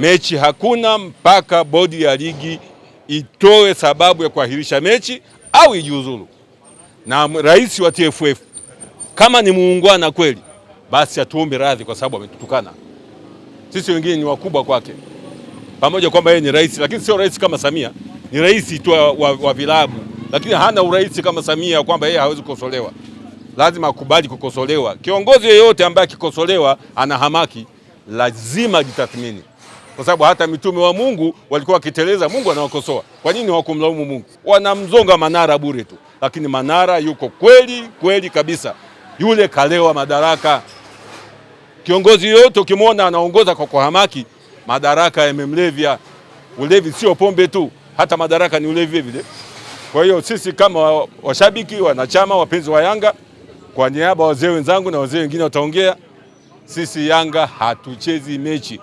mechi hakuna mpaka bodi ya ligi itoe sababu ya kuahirisha mechi au ijiuzulu. Na rais wa TFF kama ni muungwana kweli, basi atuombe radhi kwa sababu ametutukana sisi, wengine ni wakubwa kwake, pamoja kwamba yeye ni rais, lakini sio rais kama Samia. Ni rais tu wa, wa vilabu, lakini hana urais kama Samia, kwamba yeye hawezi kukosolewa. Lazima akubali kukosolewa. Kiongozi yeyote ambaye akikosolewa ana hamaki, lazima jitathmini kwa sababu hata mitume wa Mungu walikuwa wakiteleza, Mungu anawakosoa. Kwa nini hawakumlaumu Mungu? Wanamzonga Manara bure tu, lakini Manara yuko kweli kweli kabisa, yule kalewa madaraka. Kiongozi yoyote ukimwona anaongoza kwa kuhamaki, madaraka yamemlevya. Ulevi sio pombe tu, hata madaraka ni ulevi vile. Kwa hiyo sisi kama washabiki, wanachama, wapenzi wa Yanga, kwa niaba wazee wenzangu na wazee wengine wataongea, sisi Yanga hatuchezi mechi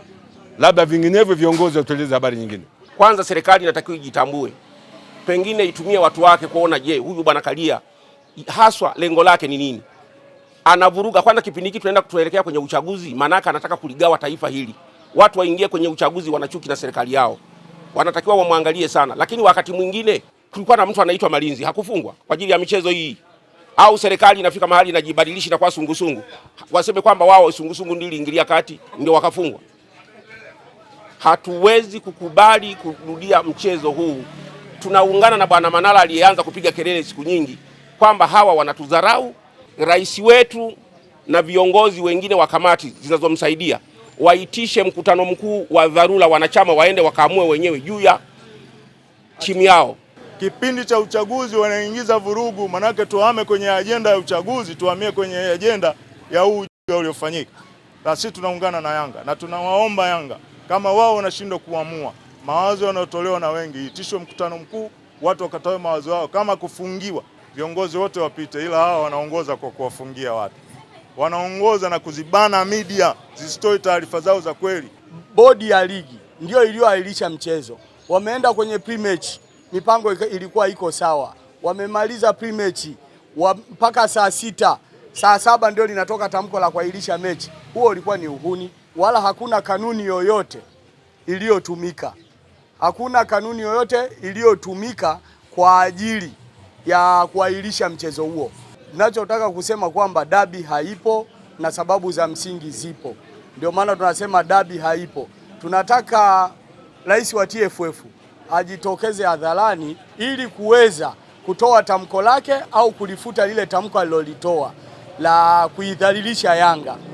labda vinginevyo viongozi watueleze habari nyingine. Kwanza serikali inatakiwa ijitambue, pengine itumie watu wake kuona, je, huyu bwana Kalia haswa lengo lake ni nini? Anavuruga kwanza. Kipindi hiki tunaenda kutuelekea kwenye uchaguzi, maanake anataka kuligawa taifa hili, watu waingie kwenye uchaguzi wanachuki na serikali yao, wanatakiwa wamwangalie sana. Lakini wakati mwingine kulikuwa na mtu anaitwa Malinzi, hakufungwa kwa ajili ya michezo hii au serikali inafika mahali inajibadilishi na kwa sungusungu, waseme kwamba wao sungusungu ndio iliingilia kati ndio wakafungwa. Hatuwezi kukubali kurudia mchezo huu. Tunaungana na Bwana Manara aliyeanza kupiga kelele siku nyingi kwamba hawa wanatudharau. Rais wetu na viongozi wengine wa kamati zinazomsaidia waitishe mkutano mkuu wa dharura, wanachama waende wakaamue wenyewe juu ya timu yao. Kipindi cha uchaguzi wanaingiza vurugu, manake tuame kwenye ajenda ya uchaguzi, tuhamie kwenye ajenda ya huu uliofanyika. Sisi tunaungana na Yanga na tunawaomba Yanga kama wao wanashindwa kuamua mawazo yanayotolewa na wengi, itisho mkutano mkuu, watu wakatoe mawazo yao. Kama kufungiwa, viongozi wote wapite, ila hawa wanaongoza kwa kuwafungia watu, wanaongoza na kuzibana media zisitoe taarifa zao za kweli. Bodi ya ligi ndio iliyoahirisha mchezo, wameenda kwenye pre-match, mipango ilikuwa iko sawa, wamemaliza pre-match mpaka saa sita, saa saba ndio linatoka tamko la kuahirisha mechi. Huo ulikuwa ni uhuni wala hakuna kanuni yoyote iliyotumika, hakuna kanuni yoyote iliyotumika kwa ajili ya kuahirisha mchezo huo. Ninachotaka kusema kwamba dabi haipo na sababu za msingi zipo, ndio maana tunasema dabi haipo. Tunataka rais wa TFF ajitokeze hadharani ili kuweza kutoa tamko lake au kulifuta lile tamko alilolitoa la kuidhalilisha Yanga.